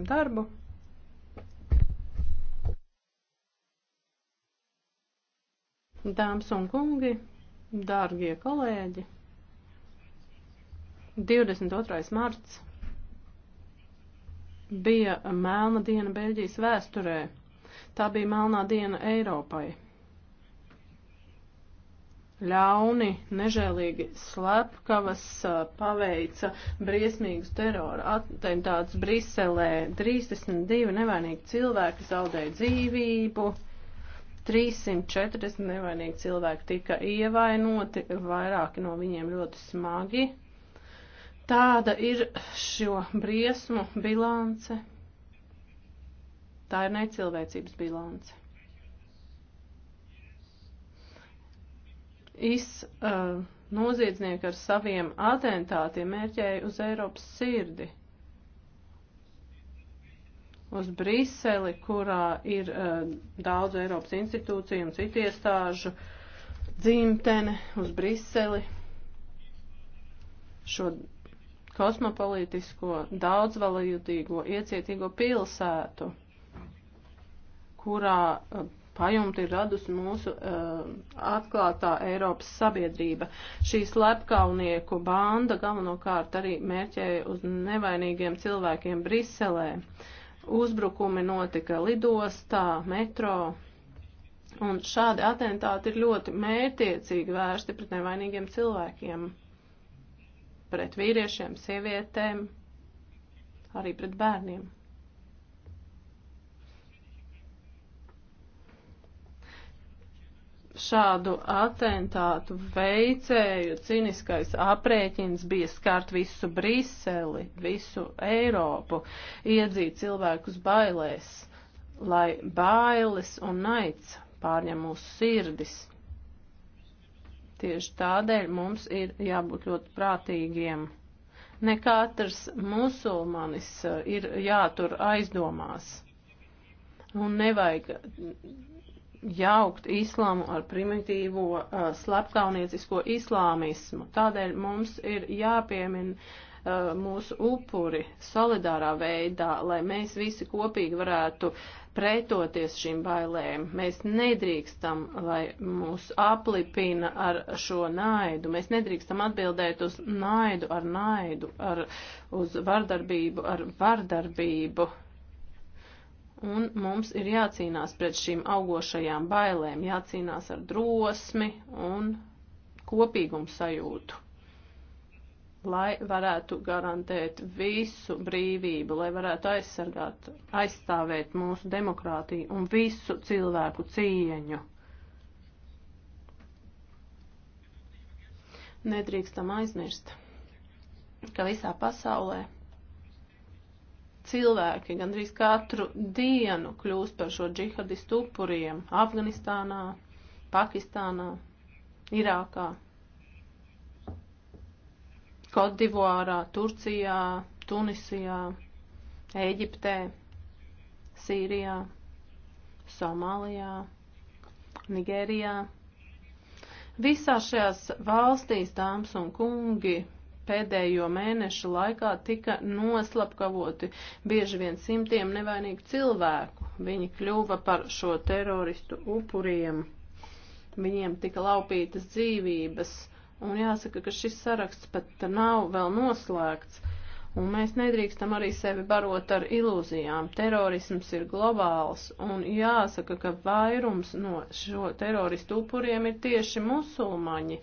darbu. Dāmas un kungi, dārgie kolēģi, 22. marts bija melna diena Beļģijas vēsturē. Tā bija melnā diena Eiropai ļauni, nežēlīgi slepkavas paveica briesmīgus terora atentātus Briselē. 32 nevainīgi cilvēki zaudēja dzīvību, 340 nevainīgi cilvēki tika ievainoti, vairāki no viņiem ļoti smagi. Tāda ir šo briesmu bilance. Tā ir necilvēcības bilance. is uh, noziedznieki ar saviem atentātiem mērķēja uz Eiropas sirdi, uz Briseli, kurā ir uh, daudz Eiropas institūciju un citu iestāžu dzimtene, uz Briseli, šo kosmopolitisko, daudzvalodīgo, iecietīgo pilsētu, kurā uh, pajumti ir radusi mūsu uh, atklātā Eiropas sabiedrība. Šī slepkaunieku banda galvenokārt arī mērķēja uz nevainīgiem cilvēkiem Briselē. Uzbrukumi notika lidostā, metro. Un šādi atentāti ir ļoti mērtiecīgi vērsti pret nevainīgiem cilvēkiem, pret vīriešiem, sievietēm, arī pret bērniem. šādu atentātu veicēju ciniskais aprēķins bija skart visu Briseli, visu Eiropu, iedzīt cilvēkus bailēs, lai bailes un naids pārņem mūsu sirdis. Tieši tādēļ mums ir jābūt ļoti prātīgiem. Ne katrs musulmanis uh, ir jātur aizdomās. Un nevajag jaukt islāmu ar primitīvo uh, slepkauniecisko islāmismu. Tādēļ mums ir jāpiemina uh, mūsu upuri solidārā veidā, lai mēs visi kopīgi varētu pretoties šīm bailēm. Mēs nedrīkstam, lai mūs aplipina ar šo naidu. Mēs nedrīkstam atbildēt uz naidu ar naidu, ar, uz vardarbību ar vardarbību Un mums ir jācīnās pret šīm augošajām bailēm, jācīnās ar drosmi un kopīgumu sajūtu, lai varētu garantēt visu brīvību, lai varētu aizsargāt, aizstāvēt mūsu demokrātiju un visu cilvēku cieņu. Nedrīkstam aizmirst, ka visā pasaulē cilvēki gandrīz katru dienu kļūst par šo džihadistu upuriem Afganistānā, Pakistānā, Irākā, Kodivārā, Turcijā, Tunisijā, Ēģiptē, Sīrijā, Somālijā, Nigērijā. Visās šajās valstīs, dāmas un kungi, pēdējo mēnešu laikā tika noslapkavoti bieži vien simtiem nevainīgu cilvēku. Viņi kļuva par šo teroristu upuriem. Viņiem tika laupītas dzīvības. Un jāsaka, ka šis saraksts pat nav vēl noslēgts. Uh, Un mēs nedrīkstam arī sevi barot ar ilūzijām. Terorisms ir globāls, un jāsaka, ka vairums no šo teroristu upuriem ir tieši musulmaņi,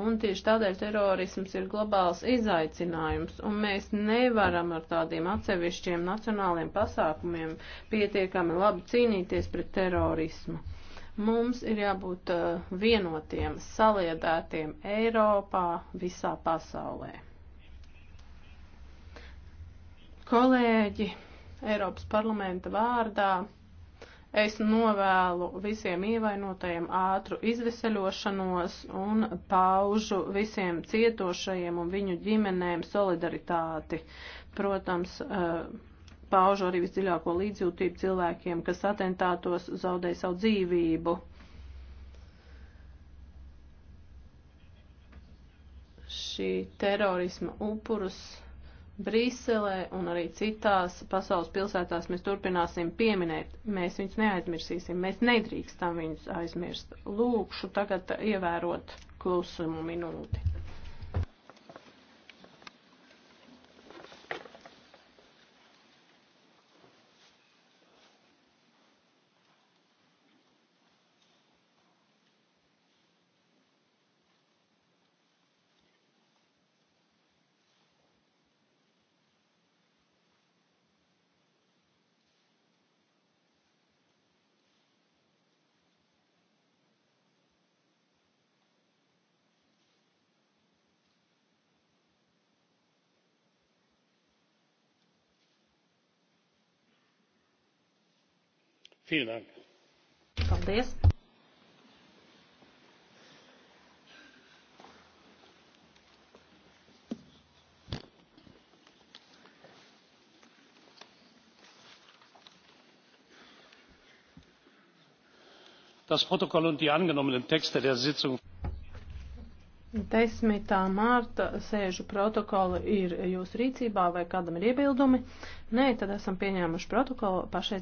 un tieši tādēļ terorisms ir globāls izaicinājums, un mēs nevaram ar tādiem atsevišķiem nacionāliem pasākumiem pietiekami labi cīnīties pret terorismu. Mums ir jābūt uh, vienotiem, saliedētiem Eiropā, visā pasaulē. Kolēģi, Eiropas parlamenta vārdā es novēlu visiem ievainotajiem ātru izveseļošanos un paužu visiem cietošajiem un viņu ģimenēm solidaritāti. Protams, eh, paužu arī visdziļāko līdzjūtību cilvēkiem, kas atentātos zaudēja savu dzīvību. Šī terorisma upurus Briselē un arī citās pasaules pilsētās mēs turpināsim pieminēt. Mēs viņus neaizmirsīsim, mēs nedrīkstam viņus aizmirst. Lūkšu tagad ievērot klusumu minūti. Paldies! das protokoll und die angenommenen texte der sitzung 10. mārta sēžu protokoli ir jūsu rīcībā vai kādam ir iebildumi? Nē, tad esam pieņēmuši protokolu pašai.